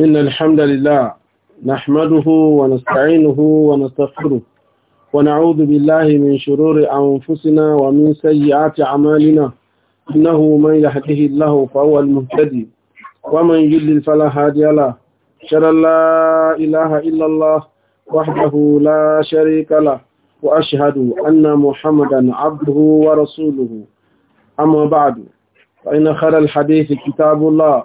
إن الحمد لله نحمده ونستعينه ونستغفره ونعوذ بالله من شرور أنفسنا ومن سيئات أعمالنا إنه من يهده الله فهو المهتدي ومن يضلل فلا هادي له أشهد لا إله إلا الله وحده لا شريك له وأشهد أن محمدا عبده ورسوله أما بعد فإن خير الحديث كتاب الله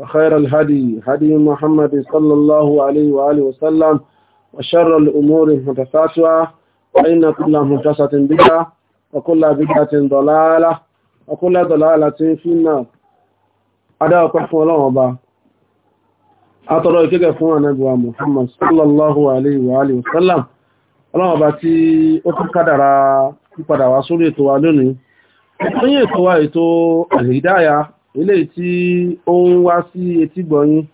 وخير الهدي هدي محمد صلى الله عليه وآله وسلم وشر الأمور محدثاتها فإن كل محدثة بدعة وكل بدعة ضلالة وكل ضلالة في النار أدعى قحو الله أبا أترى كيف نبوى محمد صلى الله عليه وآله وسلم الله أبا تي أتكدر أتكدر وصولي توالوني أتكدر وصولي توالوني eléyìí tí ó ń wá sí etígbọ̀yìn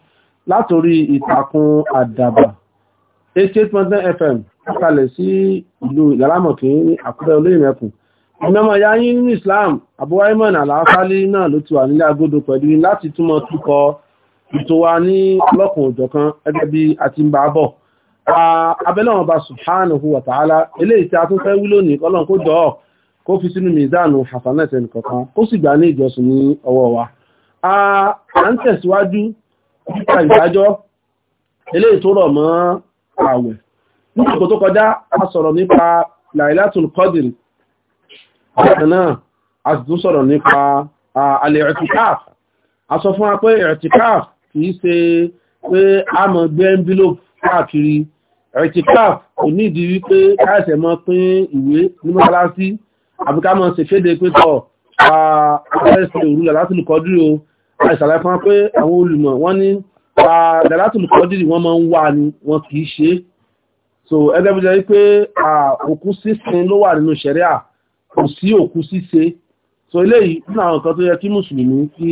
látòrí ìtàkùn àdàbà 88.9 FM kalẹ̀ sí ìlú ìlàlámọ̀kí ní àkúrẹ́ olóyìnbẹ̀kùn ìmẹ́mọ̀ ya yín nínú Islam abúwáímọ̀n àlàáfálí náà ló ti wà nílé agodo pẹ̀lú láti túmọ̀ túkọ ètò wa ní ọlọ́kùn òjọ̀kan gẹ́gẹ́ bí a ti ń bá bọ̀ abẹ́lẹ́wọ̀n bá subhanahu wa ta'ala eléyìí tí a tún fẹ́ wí lónìí ọlọ́run kó jọ ọ́ kó fi sínú mìdánù hasanẹ́tẹ̀ nìkọ̀kan kó sì gbà ní ìjọsìn ní ọwọ́ wa a ń tẹ̀síwájú nípa ìdájọ́ eléyìí tó rọ̀ mọ́ ààwẹ̀ nígbàkó tó kọjá a sọ̀rọ̀ nípa lailatul qadr bákan náà a sọ̀rọ̀ nípa alẹ́ ẹ̀tìkáf a sọ fún wa pé ẹ̀tìkáf kìí ṣe pé a mọ̀ gbé envelope káàkiri ẹ̀tìkáf kò nídìí wípé káẹsẹ̀ mọ́ pín ìwé ní mọ́sálásí àbíkámọ́ sì kéde pé tọ́ àpẹẹsẹ̀ òrùlẹ̀ látìlù kọdírì o àìsàlẹ̀ fún pé àwọn olùmọ̀ wọ́n ní dàlátìlù kọdírì wọ́n máa ń wà ní wọn kìí ṣe so ẹgbẹ́ bí jẹ́ pé òkú sísin ló wà nínú ṣẹ̀ríà kò sí òkú ṣíṣe so eléyìí nínú àwọn nǹkan tó yẹ kí mùsùlùmí kí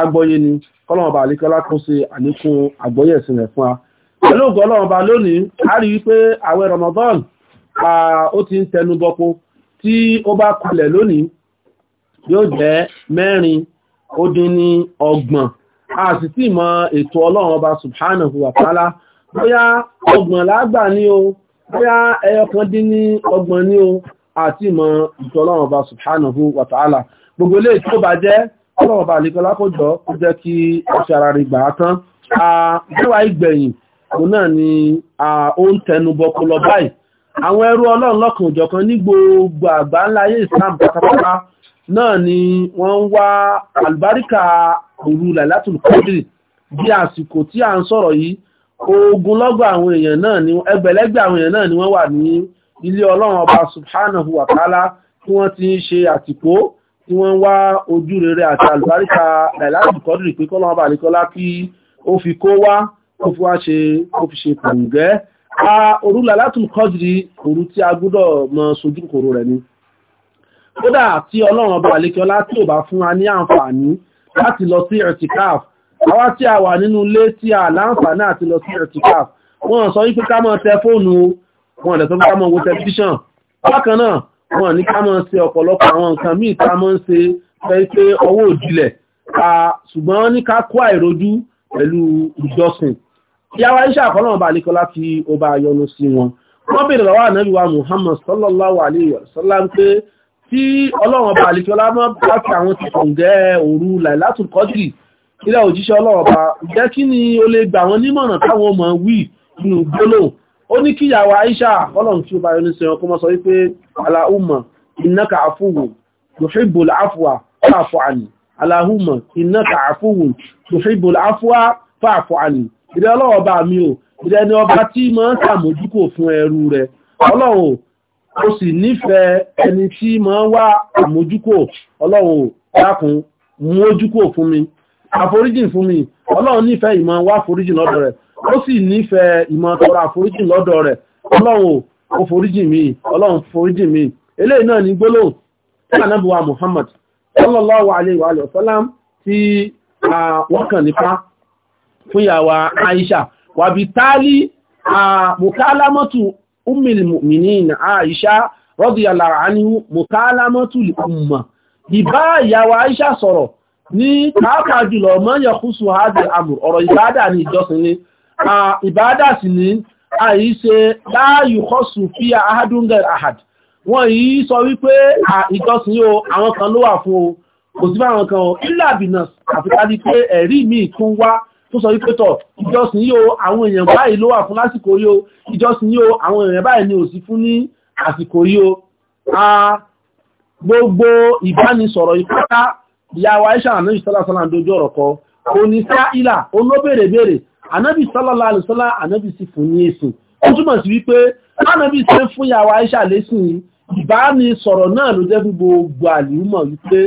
agbọ́yé ni kọ́lọ́mọba àlékọ́lá kó ṣe àlékún àgbọ́yé ẹ̀sìn rẹ̀ fún wa pẹ̀lú ògọ́ ọlọ́mọba lónìí a rí wípé àwẹ̀ Ramadan ó ti ń tẹnu bọ́pọ̀ tí ó bá kulẹ̀ lónìí yóò jẹ́ mẹ́rin ó dín ní ọgbọ̀n a sì tí mọ ètò ọlọ́run ọba subhanahu wa ta'ala bóyá ọgbọ̀n lágbà ní o bóyá ẹyọkan dín ní ọgbọ̀n ní o àti mọ ètò ọlọ́run ọba subhanahu wa ta'ala gbogbo ilé tí ó bá jẹ́ ọlọ́run ọba àlekọ́lá kó jọ kó ni ó ń tẹnubọ kó lọ àwọn ẹrú ọlọ́run lọ́kàn òjọ̀kan ní gbogbo àgbà ńláyé islam pátápátá náà ni wọ́n ń wá àlùbáríkà òru lailatul qadri bí àsìkò tí a ń sọ̀rọ̀ yìí ogunlọ́gọ̀ àwọn èèyàn náà ni ẹgbẹ̀lẹ́gbẹ̀ àwọn èèyàn náà ni wọ́n wà ní ilé ọlọ́run ọba subhanahu wa ta'ala tí wọ́n ti ń ṣe àtìpó tí wọ́n ń wá ojú rere àti àlùbáríkà lailatul qadri pé kọ́lọ́run ọba àlekọ́lá kí ó fi kó wá kó fi wá ṣe kó fi ṣe kòǹgẹ́ a òru làlátùn kọ́dìrí òru tí a gbọ́dọ̀ mọ sojú kòrò rẹ̀ ni kódà tí ọlọ́run ọba àlekíọlá tí ò bá fún wa ní àǹfààní láti lọ sí ẹ̀tìkáf àwa tí a wà nínú ilé tí a láǹfààní àti lọ sí ẹ̀tìkáf wọ́n sọ wípé ká mọ́ tẹ fóònù wọn lẹ̀ sọ pé ká mọ́ wo tẹlifíṣàn bákan náà wọ́n ní ká mọ́ ṣe ọ̀pọ̀lọpọ̀ àwọn nǹkan míì tá mọ́ ń fẹ́ pé ọwọ́ òjìlẹ̀ ṣùgbọ́n ní ká kó àìrojú pẹ̀lú ìjọsìn ìyàwó aṣíṣà àkọlọ́wọ́ bá níkọ láti ọba ayọnu sí wọn wọ́n bèèrè lọ́wọ́ ànábíwá Muhammad sallallahu alayhi wa sallam pé tí ọlọ́wọ́n bá níkọ lámọ́ láti àwọn ti kọ̀ǹgẹ́ òru lailatul qadri ilẹ̀ òjíṣẹ́ ọlọ́wọ́n bá jẹ́ kí ni o lè gbà wọn nímọ̀ràn táwọn ọmọ wí nínú gbólò ó ní kí ìyàwó aṣíṣà àkọlọ́wọ́n tí ọba ayọnu sí wọn kó mọ́ sọ wípé ìrẹ́ ọlọ́run ọba mi o ìrẹ́ ni ọba tí ma ń ṣàmójúkò fún ẹrú rẹ̀ o sì nífẹ̀ẹ́ ẹni tí ma ń wá àmójúkò ọlọ́run dákun mú fún mi àforíjìn fún mi ọlọ́run nífẹ̀ẹ́ ìmọ̀ wá àforíjìn lọ́dọ̀ rẹ̀ o sì nífẹ̀ẹ́ ìmọ̀ tọrọ àforíjìn lọ́dọ̀ rẹ̀ ọlọ́run ó mi mi wọ́n fún ìyàwó Aisha wà bí tálí àmùkálámọ́tù ummil mu'minin Aisha radiyallahu mùkálámọ́tù umma ìbá ìyàwó Aisha sọ̀rọ̀ ní káàkà jùlọ mọ́yàn kúsù hajjẹ̀ amur ọ̀rọ̀ ìbádà ní ìjọsìn ní ìbádà sì ní àìíṣe láàyù kọ́sù fí àádúngẹ̀ àhàd wọ́n yìí sọ wípé ìjọsìn yóò àwọn kan ló wà fún o kò sí fáwọn kan o ìlàbìnà àfikàdí pé ẹ̀rí mi tún tó sọ wípé tọ̀ ìjọsìn yóò àwọn èèyàn báyìí ló wà fún lásìkò yóò ìjọsìn yóò àwọn èèyàn báyìí ni ò sí fún ní àsìkò yóò a gbogbo ìbánisọ̀rọ̀ ìpátá ìyàwó aisha anábì sálàsálà dojú ọ̀rọ̀ kọ òní sáìlà olóbèrèbèrè anábì sálàlá àlùsálà anábì sì fún ní èsìn ó túmọ̀ sí wípé anábì sẹ́ fún ìyàwó aisha lẹ́sìn ìbánisọ̀rọ̀ náà ló jẹ́ fún gbogbo àlùmọ̀ wípé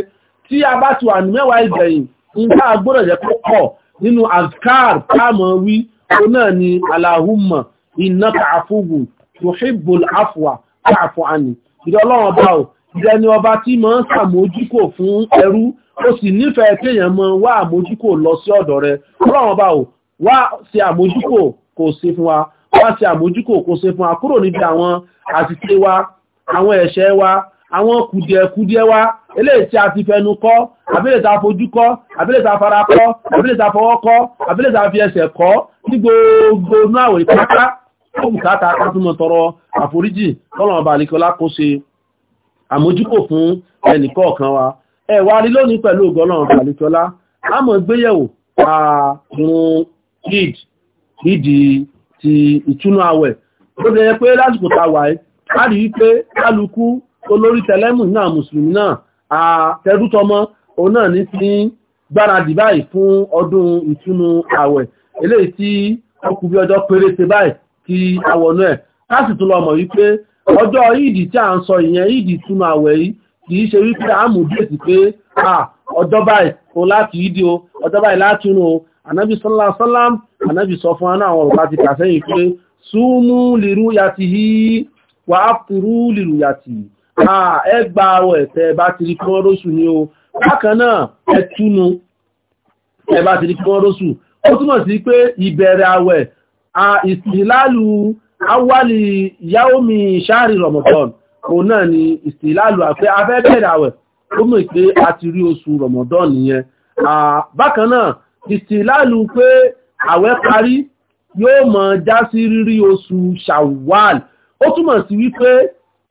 tí a bá ti wà ní mẹ́wàá ìgbẹ̀yìn nǹkan agbọ́dọ̀ pọ̀ nínú azkar káàmọ̀ wí o náà ni aláhùmọ̀ iná kàáfùwù tuhibbul afwa káàfù àní ìdọ́lọ́wọ́ bá o ìdẹni ọba tí mọ́ ń sàmójúkò fún ẹrú ó sì nífẹ̀ẹ́ kéèyàn mọ́ wá àmójúkò lọ sí ọ̀dọ̀ rẹ̀ ọlọ́wọ́ bá o wá sí àmójúkò wa wá sí àmójúkò kò sí fún wa kúrò níbi àwọn kùdìẹ̀kùdìẹ̀ wa eléyìí tí a ti fẹnu kọ́ àbílẹ̀ tá fojú kọ́ àbílẹ̀ tá fara kọ́ àbílẹ̀ tá fọwọ́ kọ́ àbílẹ̀ tá fi ẹsẹ̀ kọ́ ní gbogbo inú àwẹ̀ ìpátá ó bùkátà látúmọ̀ tọrọ àforíjì tọ́lọ̀ ọba àlekọlá kó ṣe àmójúkò fún ẹnìkọ̀ọ̀kan wa ẹ wá rí lónìí pẹ̀lú ògbọ́nà ọba àlekọlá a mọ̀ gbéyẹ̀wò àrùn kid nídi ti ìtúnú àwẹ̀ ó dẹ̀ pé lásìkò tá a wà á rí wípé kálukú olórí tẹlẹ́mù náà mùsùlùmí náà àtẹrútọmọ òun náà ní ti gbáradì báyìí fún ọdún ìtúnu ààwẹ̀ eléyìí tí ó kù bí ọjọ́ péréte báyìí kí àwọnú ẹ̀ káàsì tún lọ mọ̀ wípé ọjọ́ ìdì tí à ń sọ ìyẹn ìdì ìtúnu ààwẹ̀ yìí kìí ṣe wípé àmù déètì pé ọjọ́ báyìí o láti ìdí o ọjọ́ báyìí láti inú o ànábì sọ́lá sọ́lám ànábì sọ fún aná àwọn ọ̀rọ̀ láti kà pé súnmú lìrú yàtì yìí wà á fúrú lìrú yàtì yìí ẹ gba àwẹ̀ ẹ̀fẹ́ bá ti rí kí wọ́n róṣù ní o bákan náà ẹ túnu ẹ bá ti rí kí wọ́n róṣù ó túmọ̀ sí pé ìbẹ̀rẹ̀ àwẹ̀ ìsìláàlù awálì yaomi ṣáàrì rọmọdán òun náà ni ìsìláàlù afẹ́ afẹ́ bẹ̀rẹ̀ àwẹ̀ ó mọ̀ pé a ti rí oṣù rọmọdán nìyẹn bákan náà ìsìláàlù pé àwẹ̀ parí yóò mọ̀ já sí rírí oṣù ṣàwàl ó túmọ̀ sí wípé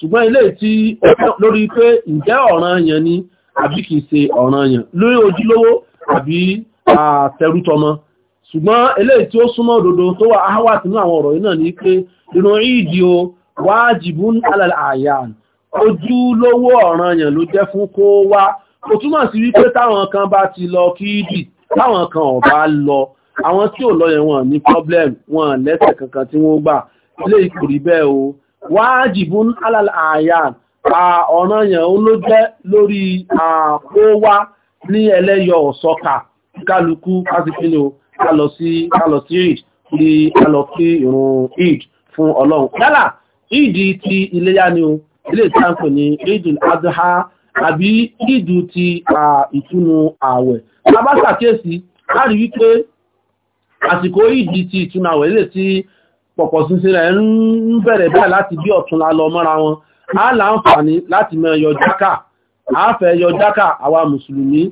ṣùgbọ́n ilé tí lórí pé ǹjẹ́ ọ̀ranyàn ni àbí kìí ṣe ọ̀ranyàn lórí ojúlówó àbí àtẹrútọmọ ṣùgbọ́n ilé tí ó súnmọ́ òdodo tó wà áwà sínú àwọn ọ̀rọ̀ yìí náà ni pé ìrun ìdí o wájibun alal ayan ojúlówó ọ̀ranyàn ló jẹ́ fún kó wá kò túmọ̀ sí wípé táwọn kan bá ti lọ kíìdì táwọn kan ò bá lọ àwọn tí ò lọ yẹn wọn ní problem wọn lẹ́sẹ̀ kankan tí wọ́n gbà ilé ìkòrí bẹ́ẹ̀ o wájìbún alàlàyàn ọ̀ranyàn ló jẹ́ lórí àkówá ní ẹlẹ́yọ ọ̀sọ́ka kálukú kásìkínú kálọ sí id ní kálọ sí ìrun id fún ọlọ́run yálà id ti iléyá ni o ilé ìtànkù ní adha àbí id ti ìtúnu ààwẹ̀ labásàkíyèsí láti wípé àsìkò id ti ìtúnu awe ilé ti pọ̀pọ̀ sínsìn rẹ̀ ń bẹ̀rẹ̀ bẹ́ẹ̀ láti bí ọ̀túnla lọ mọ́ra wọn a láǹfààní láti mọ ẹyọ jákà àáfẹ́ ẹyọ jákà àwa mùsùlùmí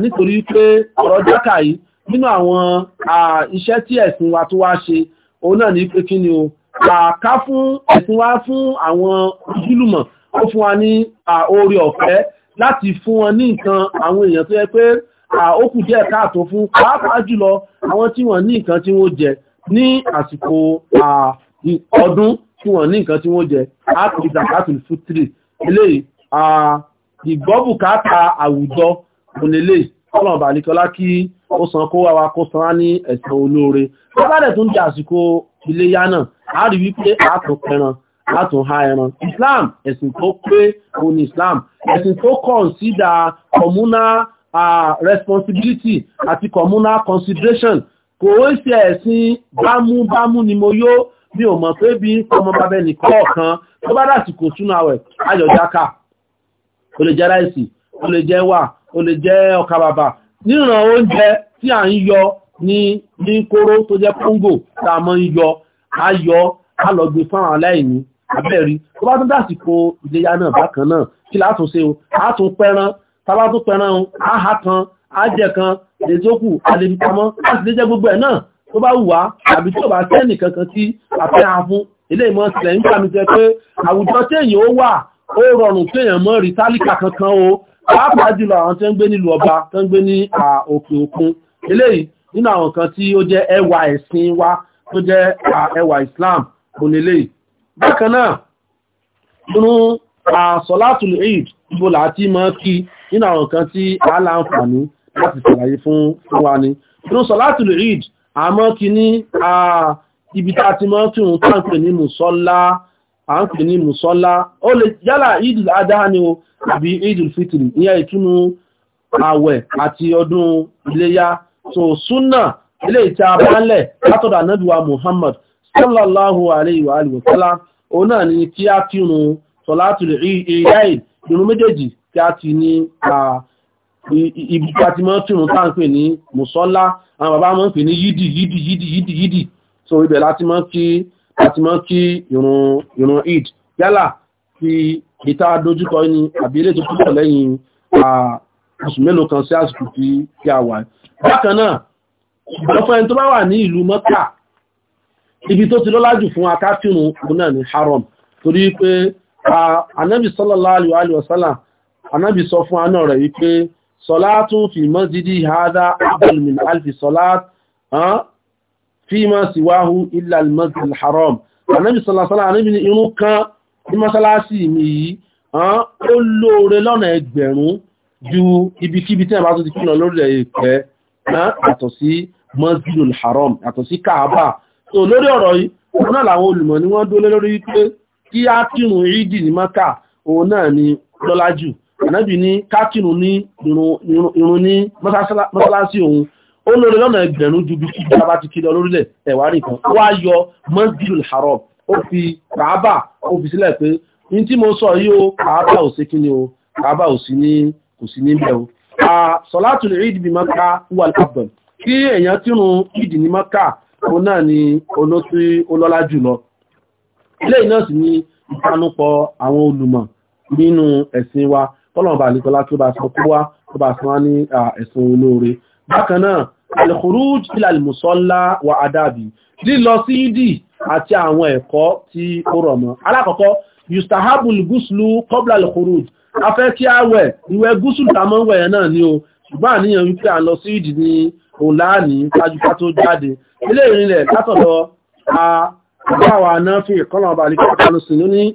nítorí pé ọ̀rọ̀ jákà yìí nínú àwọn iṣẹ́ tí ẹ̀sìn wa tó wá ṣe òun náà ní pé kí ni o ká fún ẹ̀sìn wa fún àwọn ojúlùmọ̀ ó fún wa ní oore ọ̀fẹ́ láti fún wọn ní nǹkan àwọn èèyàn tó yẹ pé ó kù díẹ̀ káàtó fún pàápàá jùlọ àwọn tí wọ́n ní nǹkan tí wọ́n jẹ ní àsìkò ọdún tí wọ́n ní nǹkan tí wọ́n jẹ ápì zakatul fitri eléyìí ìgbọ́bùkátà àwùjọ onílé ọlọ́ọ̀bà nìkọlá kí ó san kó wá wa kó san á ní ẹ̀sán olóore lábàdẹ̀ tó ń jẹ àsìkò iléyá náà a rí wípé àtún pẹran àtún ha ẹran Islam ẹ̀sìn tó pé òun ni Islam ẹ̀sìn tó consider communal responsibility àti communal consideration kò ó ṣe ẹ̀sìn bámúbámú ni mo yó mi ò mọ̀ pé bí ọmọ babẹ́ nìkan ọ̀kan tó bá dà sí kò súnú àwẹ̀ ajọ̀jáka ó lè jẹ́ ráìsì ó lè jẹ́ wà ó lè jẹ́ ọkà bàbà níran oúnjẹ tí à ń yọ ní ní kóró tó jẹ́ kóńgò tá a mọ́ ń yọ a yọ a lọ gbé fáwọn aláìní abẹ́rí tó bá tún dásìkò ìléyà náà bákan náà kí látún ṣe o a tún pẹran tá a bá tún pẹran o a hà kan ajẹ́ kan lè tó kù alẹ́bìpamọ́ láti lè jẹ́ gbogbo ẹ̀ náà tó bá wùwá àbí tó bá sẹ́nì kankan tí àfihàn fún ilé ìmọ̀ sílẹ̀ ń gbàmí jẹ pé àwùjọ téèyàn ó wà ó rọrùn téèyàn mọ́ rí tálíkà kankan o pàápàá jùlọ àwọn tó ń gbé nílùú ọba tó ń gbé ní òkè òkun eléyìí nínú àwọn kan tí ó jẹ́ ẹwà ẹ̀sìn wa tó jẹ́ ẹwà Islam kò lélẹ́yìí bákan náà nínú àsọlátùlù eid ibo làá tí mọ́ kí nínú àwọn kan tí aláǹfààní láti ṣàlàyé fún wa ni. Inú Salatul Eid, àmọ́ kí ní ibi tá ti mọ́ kí òun tán pè ní Mùsọ́lá, à ń pè ní Mùsọ́lá, ó lè yálà Eid al ni o, àbí Eid al-Fitr, ìyẹn àwẹ̀ àti ọdún iléyá. So, Súnà, ilé ìta abánlẹ̀ látọ̀dà Nàbíwa Muhammad, sallallahu alayhi wa alihi náà ni kí á kírun Salatul Eid, ìrun méjèèjì kí á ti ní ibi pàtí mọ́ tí wọ́n tàà ń pè ní mùsọ́lá àwọn bàbá mọ́ ń pè ní yídì yídì yídì yídì yídì so ibẹ̀ láti mọ́ kí láti mọ́ kí ìrun eid yálà ti ìta dojúkọ ní àbí ilé tó púpọ̀ lẹ́yìn oṣù mélòó kan sí àsìkò tí kí a wà bákan náà ọ̀pọ̀ ẹni tó bá wà ní ìlú mọ́kà ibi tó ti lọ́lájù fún akáfíìrún náà ní haram torí pé anábì sallallahu alaihi wa sallam anábì sọ fún aná rẹ̀ wípé صلاة في مسجدي هذا أفضل من ألف صلاة فيما سواه إلا المسجد الحرام النبي صلى الله عليه وسلم irun kan ní mọ́sálásí mi yìí ó lóore lọ́nà ẹgbẹ̀rún ju ibikíbi tí a bá tó ti kúnnà lórí ẹ̀pẹ́ yàtọ̀ sí masjidul haram yàtọ̀ sí kaaba so lórí ọ̀rọ̀ yìí náà làwọn olùmọ̀ ni wọ́n dólé lórí wípé kí á kírun ìdí ní maka òun náà ni lọ́lá jù ànábì ní kákínù ní irun ní mọ́sálásí òun ó lórí lọ́nà ẹgbẹ̀rún ju bí kíjọba bá ti kílọ lórílẹ̀ ẹ̀wárí kan ó wá yọ mọ́sílù haram ó fi kàábà ó fi sílẹ̀ pé ní tí mo sọ yìí kàábà ò sí kí ni o kàábà ò sí ní kò sí níbẹ̀ o sọ̀látù lè ìdìbì mọ́ká wà lábọ̀n kí èèyàn tírun ìdì ní mọ́ká òun náà ni olóṣù olọ́lá jùlọ ilé náà sì ni ìpanupọ̀ àwọn olùmọ̀ nínú ẹ̀sìn wa tọ́lọ̀bà àlìkọlá tí ó bá sọ kúwá tó bá sọ ní ẹ̀sùn olóore bákan náà al ila al wa adabi lílọ sí ìdí àti àwọn ẹ̀kọ́ tí ó rọ̀ mọ́ alákọ̀ọ́kọ́ yustahabul guslu qabla al-khuruj afẹ́ kí a wẹ̀ ìwẹ̀ gúúsùlù tàmọ́ wẹ̀ náà ni o ṣùgbọ́n àníyàn wípé à ń lọ sí ìdí ní òláàní kájúká tó jáde ilé ìrìnlẹ̀ látọ̀dọ̀ àbáwà náà fi ìkọ́nà ọba àlìkọ́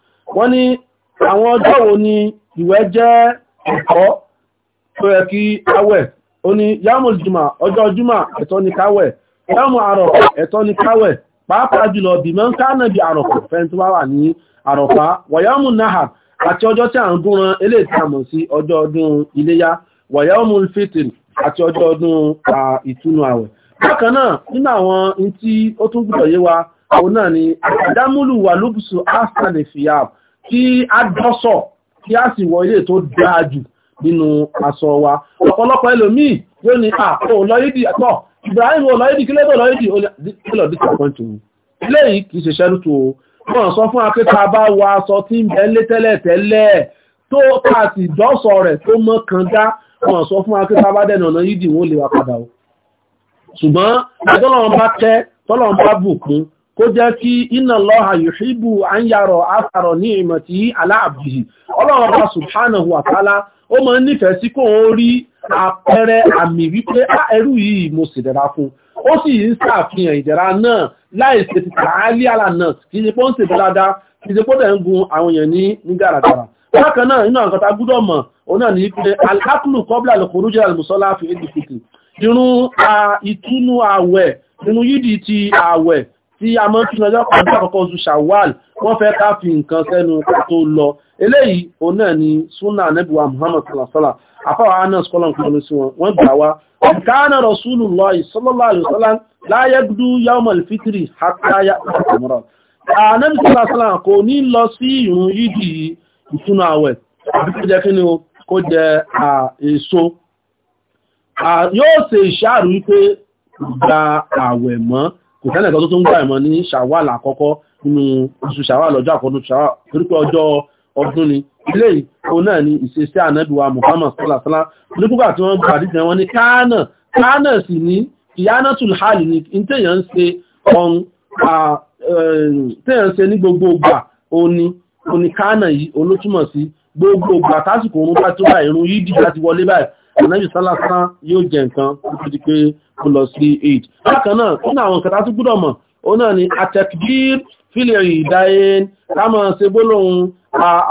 wọ́n ní àwọn ọjọ́ wo ni ìwẹ̀ jẹ́ ẹ̀kọ́ tó yẹ kí awẹ̀ o ní yàmù ọjọ́ jùmọ̀ ẹ̀tọ́ ni káwẹ̀ yàmù àrọ̀kọ̀ ẹ̀tọ́ ni káwẹ̀ pàápàá jùlọ bí mọ́ ń káànà bí àrọ̀fà tó wà ní àrọ̀fà àti ọjọ́ tí a ń sí ọjọ́ ọdún iléyá fìtìn àti ọjọ́ ọdún ìtúnu kí a dọ́sọ̀ kí a sì wọ ilé tó dáa jù nínú aṣọ wa ọ̀pọ̀lọpọ̀ ẹlòmíì yóò ní àpò lọ́yídì àpọ̀ Ibrahim olọ́yídì kí lẹ́bọ̀ lọ́yídì olọ́ disappoint me eléyìí kì í ṣe ṣẹ́rùtù o wọ́n sọ fún akẹ́kọ̀ọ́ bá wa aṣọ tí ń bẹ lé tẹ́lẹ̀ tẹ́lẹ̀ tó káàtì dọ́sọ̀ rẹ̀ tó mọ́ kan dá wọ́n sọ fún akẹ́kọ̀ọ́ bá dẹ̀nà ọ̀nà yídì wọ́n lè wá padà o ṣùgbọ́n àjọ́lọ́run bá tẹ́ tọ́lọ́run bá bùkún kó jẹ́ kí inna Allaha yuhibbu an yara athara ni'mati ala abdihi ọlọ́run bá subhanahu wa ta'ala ó máa ń nífẹ̀ẹ́ sí kó ń rí àpẹẹrẹ àmì wípé ẹrú yìí mo sì dẹ̀ra fún ó sì ń ṣàfihàn ìdẹ̀ra náà láìsí tààlí àlà náà kì í ṣe pé ó ń ṣe dáadáa kì í ṣe pé ó dẹ̀ ń tí a mọ́ tún ọjọ́ kan ní àkọ́kọ́ oṣù Shawwal wọ́n fẹ́ ká fi nǹkan sẹ́nu tó lọ eléyìí òun náà ni sunna anabiwa Muhammad salasala afáwa anas kọlọm kọlọm sí wọn wọ́n gbà wá ọ̀kánà Rasulullah sallallahu la yagdu yawmal fitri hatta ya'kula tamra anabi salasala kò ní lọ sí ìrun yídì ìtúnu àwẹ̀ àbí kó jẹ kí ni kó jẹ kò tẹ́lẹ̀ kan tó tún gbà ẹ̀mọ́ ní ṣàwàl àkọ́kọ́ nínú oṣù ṣàwàl ọjọ́ àkọ́dún ṣàwàl ni ilé ìkó náà ni ìṣesí ànábìwá Muhammad sálàsálà nígbà tí wọ́n gbà dídẹ̀ wọn ní káánà káánà sì ní ìyánátùl hàlì ní téèyàn ń ṣe ọ̀n téèyàn ń ṣe ní gbogbo ìgbà òní òní káánà yìí tásìkò òun bá tó bá ìrun yídì láti wọlé báyìí ànábì sálásá yóò jẹ nǹkan tó di pé ó lọ sí eid bákan náà ó ní àwọn nǹkan tó gbúdọ̀ mọ̀ o náà ni atekbir fílẹ̀ ìdáyẹn lámọ̀ ṣe gbólóhùn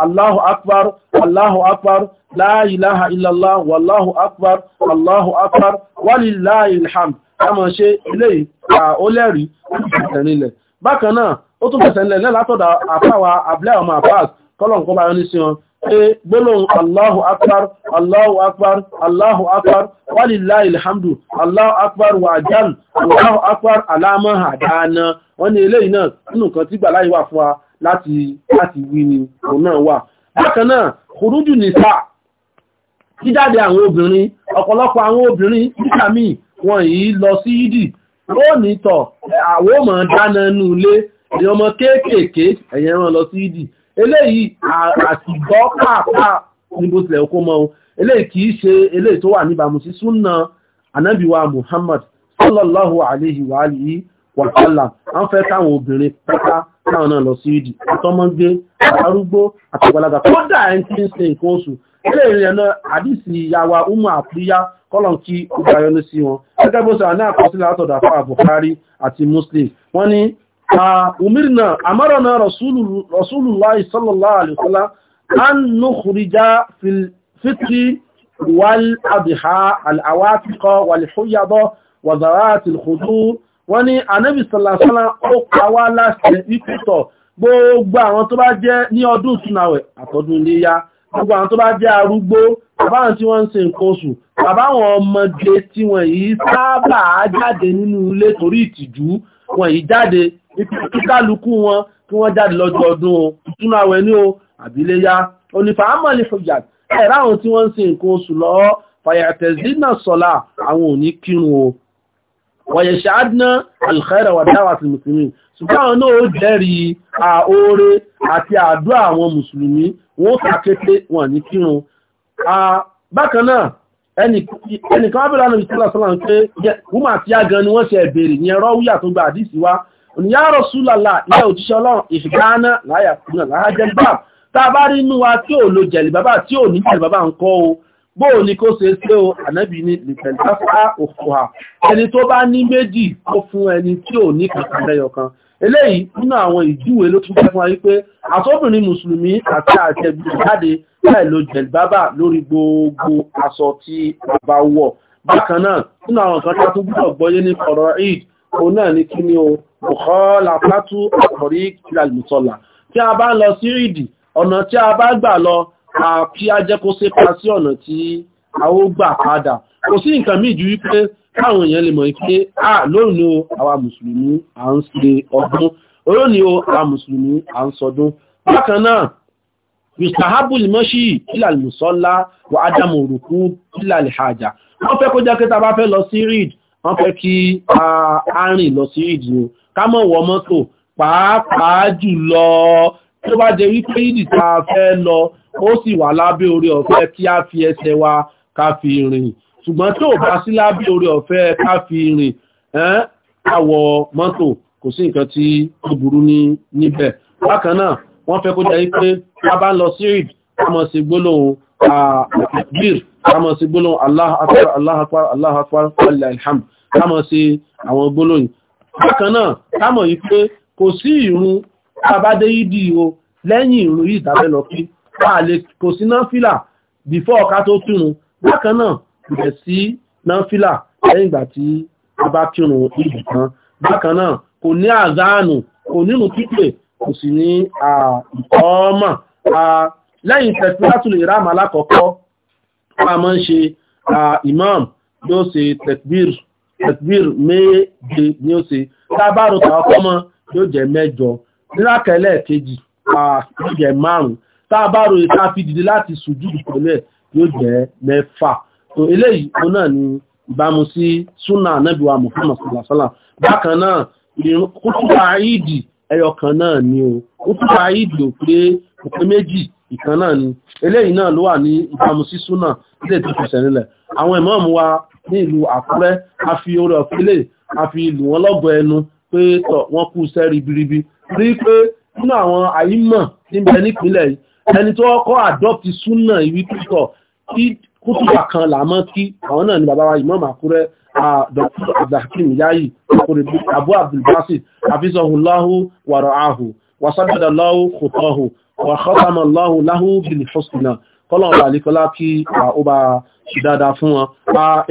Allahu akbar Allahu akbar la ilaha illallah wallahu akbar Allahu akbar walillahi alhamd lámọ̀ ṣe ilé ìlẹ́rí ìtẹ̀rinlẹ̀ bákan náà ó tún fẹ̀sẹ̀ nílẹ̀ látọ̀dọ̀ àfáwà àbúlẹ̀ ọmọ àfáàs kọ́lọ̀ nǹkan bá pé gbólóhùn Allahu Akbar, Allahu Akbar, Allahu Akbar, walillahi alhamdu, Allahu Akbar wa ajal, Allahu Akbar aláàmọ́ àdáná. Wọ́n ní eléyìí náà nínú kan tí gbàláyé wà fún wa láti láti wí ni òun náà wà. Bákan náà, kùrújù nìsà, jíjáde àwọn obìnrin, ọ̀pọ̀lọpọ̀ àwọn obìnrin nígbà míì yìí lọ sí ìdì. Lónìí tọ̀, àwọn ọmọ dáná nú ilé, èèyàn kéékèèké, ẹ̀yẹn wọn lọ sí ìdì eléyìí àtìgbọ́ pàápàá níbo tilẹ̀ okó mọ́ ohun eléyìí kìí ṣe eléyìí tó wà níbàmù sí súnà anábìwá Muhammad sallallahu alaihi wa alihi wa sallam an fẹ́ káwọn obìnrin pátá káwọn náà lọ sí ìdí àtọmọgbé àtàrúgbó àtàgbàlagbà kódà ẹni tí ń ṣe umu àpíyá kọ́lọ̀ kí ó gbáyọ́ ní sí wọn gẹ́gẹ́ bó sọ àná àkọsílẹ̀ látọ̀dà fún àbùkárí àti Muslim wọ́n ní أمرنا أمرنا رسول, رسول الله صلى الله عليه وسلم أن نخرج في الفطر والأضحى العواتق والحيض وذرات الخدور وني النبي صلى الله عليه وسلم أقوى لسه يكتو gbogbo àwọn tó bá jẹ́ ní ọdún ìtúnàwẹ̀ àtọdún iléyá gbogbo àwọn tó bá jẹ́ arúgbó àbáwọn tí wọ́n ń ṣe nǹkan oṣù àbáwọn ọmọdé tí wọ́n yìí sábà jáde ìkálukú wọn kí wọ́n jáde lọ́jọ́ ọdún o ìtúnú àwẹ̀ ní o àbíléyá onífà ámọ̀lì fòjà ẹ̀rá àwọn tí wọ́n ń sin nǹkan oṣù lọ́wọ́ fàyàtẹ̀sí náà sọ́lá àwọn ò ní kírun o wọ̀yẹ̀ ṣáádínà alìkẹ́rẹ̀ wà dáwà sí mùsùlùmí ṣùgbọ́n àwọn náà ó jẹ́rìí àóore àti àdúrà àwọn mùsùlùmí wọ́n kàkété wọn ní kírun bákan náà ẹnìkan ábẹ̀rẹ̀ àwọn ìṣẹ́lẹ̀ sọ́lá ń pé wúmà tí á gan ni wọ́n ṣe ẹ̀bẹ̀rẹ̀ ní ẹ̀rọ wúyà tó gba àdìsí ya Rasulullah ìyá òjíṣẹ́ ọlọ́run ìfìgáná láyà kúrò láhájẹ́gbà tá a bá rí inú wa tí ò lo jẹ̀lì bàbá tí ò ní jẹ̀lì bàbá ń kọ́ o bó o ní kó ṣe ṣe o ànábì ní lìtẹ̀láfà òfòhà ẹni tó bá ní méjì kó fún ẹni tí ò ní kankan lẹ́yọ kan eléyìí nínú àwọn ìjúwe ló tún fẹ́ fún wa kan tí a tún ní ọ̀rọ̀ òun náà ní kí ni o ọ̀kọ́lá pátú àkọ̀rí ìlàlùsọ́là tí a bá lọ sí rìdì ọ̀nà tí a bá gbà lọ àfi ajẹ́kóṣe pa sí ọ̀nà tí a ó gbà padà kò sí nǹkan míì ju wípé káwọn èèyàn lè mọ̀ pé à lónìí o àwa mùsùlùmí à ń ṣe ọdún lónìí o àwa mùsùlùmí à ń sọdún bákan náà yustahabul mashi ìlàlùsọ́là wà ádámù òrùkú ìlàlùhàjà wọ́n fẹ́ kó jẹ́ pé ta bá fẹ́ lọ sí rìdì wọ́n fẹ́ kí a rìn lọ sí ìdí o ká mọ̀ wọ mọ́tò pàápàá jùlọ tó bá jẹ́ wípé ìdí tá a fẹ́ lọ ó sì wà lábẹ́ orí ọ̀fẹ́ kí a fi ẹsẹ̀ wa ká fi rìn ṣùgbọ́n tó bá sí lábẹ́ orí ọ̀fẹ́ ká fi rìn àwọ mọ́tò kò sí nǹkan tí ó burú ní níbẹ̀ bákan náà wọ́n fẹ́ kó jẹ́ wípé a bá lọ sí ìdí a mọ̀ sí gbólóhùn àgbìr kama sí gbólóhùn Allah, Akbar Allah, Akbar Allah Akbar walillahil hamd kama sí àwọn gbólóhùn bákan náà kama yìí pé kò sí ìrun abádé yídì o lẹ́yìn ìrun yìí tàbẹ́ lọ kí kò sí náfìlà bífọ́ ọ̀ká tó kírun bákan náà kò dẹ̀ sí náfìlà lẹ́yìn ìgbà tí a bá kírun ìdì kan bákan náà kò ní àzánù kò nínú pípè kò sì ní ìkọ́ọ́mà lẹ́yìn tẹ̀síwájú a máa ń ṣe imam yóò ṣe tekbir tekbir méje ni ó ṣe tábàrò tàwọ́kọ́mọ́ yóò jẹ́ mẹ́jọ nílákẹ́lẹ́ kejì yóò jẹ́ márùn-ún tábàrò ìta fi dìde láti sùjú ìpínlẹ̀ yóò jẹ́ mẹ́fà tó eléyìí ó náà ní ìbámu sí súnà ni o kútùbà ìdì ò ìkan náà ni eléyìí náà ló wà ní ìbámu sí súnà ilé tó fẹsẹ̀ nílẹ̀ àwọn ìmáàmù wa ní ìlú Àkúrẹ́ a fi orí ọ̀pẹ́lẹ̀ a fi lù wọ́n lọ́gọ̀ ẹnu pé tọ̀ wọ́n kú iṣẹ́ ribiribi rí pé nínú àwọn àyímọ̀ níbẹ̀ nípínlẹ̀ yìí ẹni tó kọ́ adopt súnà ìwí pípọ̀ kí kútùbà kan làmọ́ kí àwọn náà ni bàbá wa ìmáàmù Àkúrẹ́ Dr. Abdulhakim wa khatama Allahu lahu bil husna kọ́lọ̀ọ̀bà alikọla kí ó bá ṣe fún wọn.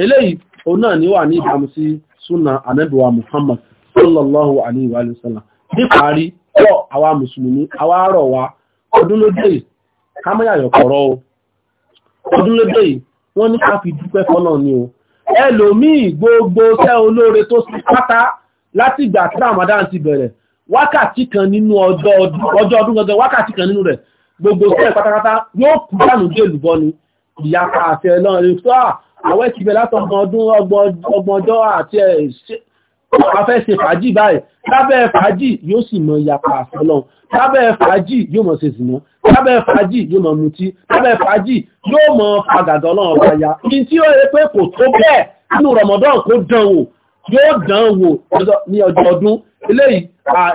eléyìí o náà ni wà ní ìbámu sí súnà Muhammad sallallahu gbogbo tẹ́ olóore tó pátá láti ìgbà tí ti bẹ̀rẹ̀ wákàtí kan nínú ọjọ́ ọdún gangan wákàtí kan nínú rẹ̀ gbogbo sẹ́ẹ̀ pátápátá yóò kú dànù dé ìlúbọ ni ìyapa ah, àti ẹlọ́rin tó àwẹ́ ti bẹ̀ látọ̀gbọ̀n ọdún ọgbọ̀njọ́ àti afẹ́ ṣe fàájì báyìí lábẹ́ fàájì yóò sì mọ ìyapa àti ọlọ́run lábẹ́ fàájì yóò mọ̀ ṣe sìnà lábẹ́ fàájì yóò mọ̀ mutí lábẹ́ fàájì eléyìí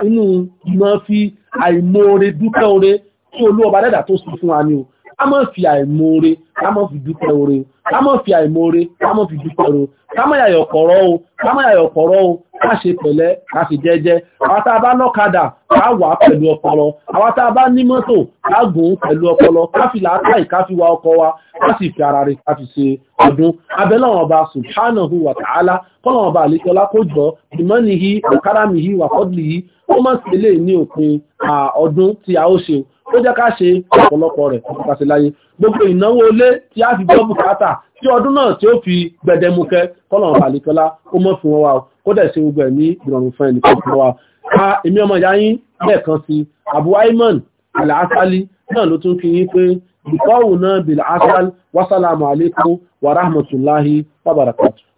inú ìmọ̀ fi àìmọ̀ oore dúpẹ́ oore tí olú ọba dẹ́dà tó sì fún wa ni o ká má fi àìmoore ká má fi dúpẹ́ oore ká má fi àìmoore ká má fi dúpẹ́ oore ká má yàyọ̀ kọ̀rọ̀ o ká má yàyọ̀ kọ̀rọ̀ o ká ṣe pẹ̀lẹ́ ká ṣe jẹ́jẹ́ àwọn tá a bá lọ́kadà ká wà pẹ̀lú ọpọlọ àwọn tá a bá ní mọ́tò ká gùn pẹ̀lú ọpọlọ ká fi làákàyè ká fi wa ọkọ wa ká sì fi ara rẹ̀ ká fi ṣe ọdún abẹ́lọ́wọ̀n ọba subhanahu wa ta'ala kọ́lọ̀wọ̀n ọba àlékọ́lá kó jọ ìmọ́niyí ọ̀káràmìyí wàkọ́dìlì yìí ó má sì lè ní òpin ọdún tí a ó ṣe ó jẹ́ ká ṣe ọ̀pọ̀lọpọ̀ rẹ̀ pàṣẹ láyé gbogbo ìnáwó ilé tí a fi gbọ́ bùkátà tí ọdún náà tí ó fi gbẹ̀dẹ̀mukẹ́ kọ́lọ̀n àlìkọ́lá ó mọ́ fún wa kó dẹ̀ ṣe gbogbo ẹ̀mí ìrọ̀rùn fún ẹnì fún wa a èmi ọmọ ìyá yín lẹ́ẹ̀kan sí Abu Ayman Al-Asali náà ló tún kí yín pé bìkọ́wù náà bil asal wasalamu alaikum wa rahmatullahi wa barakatuh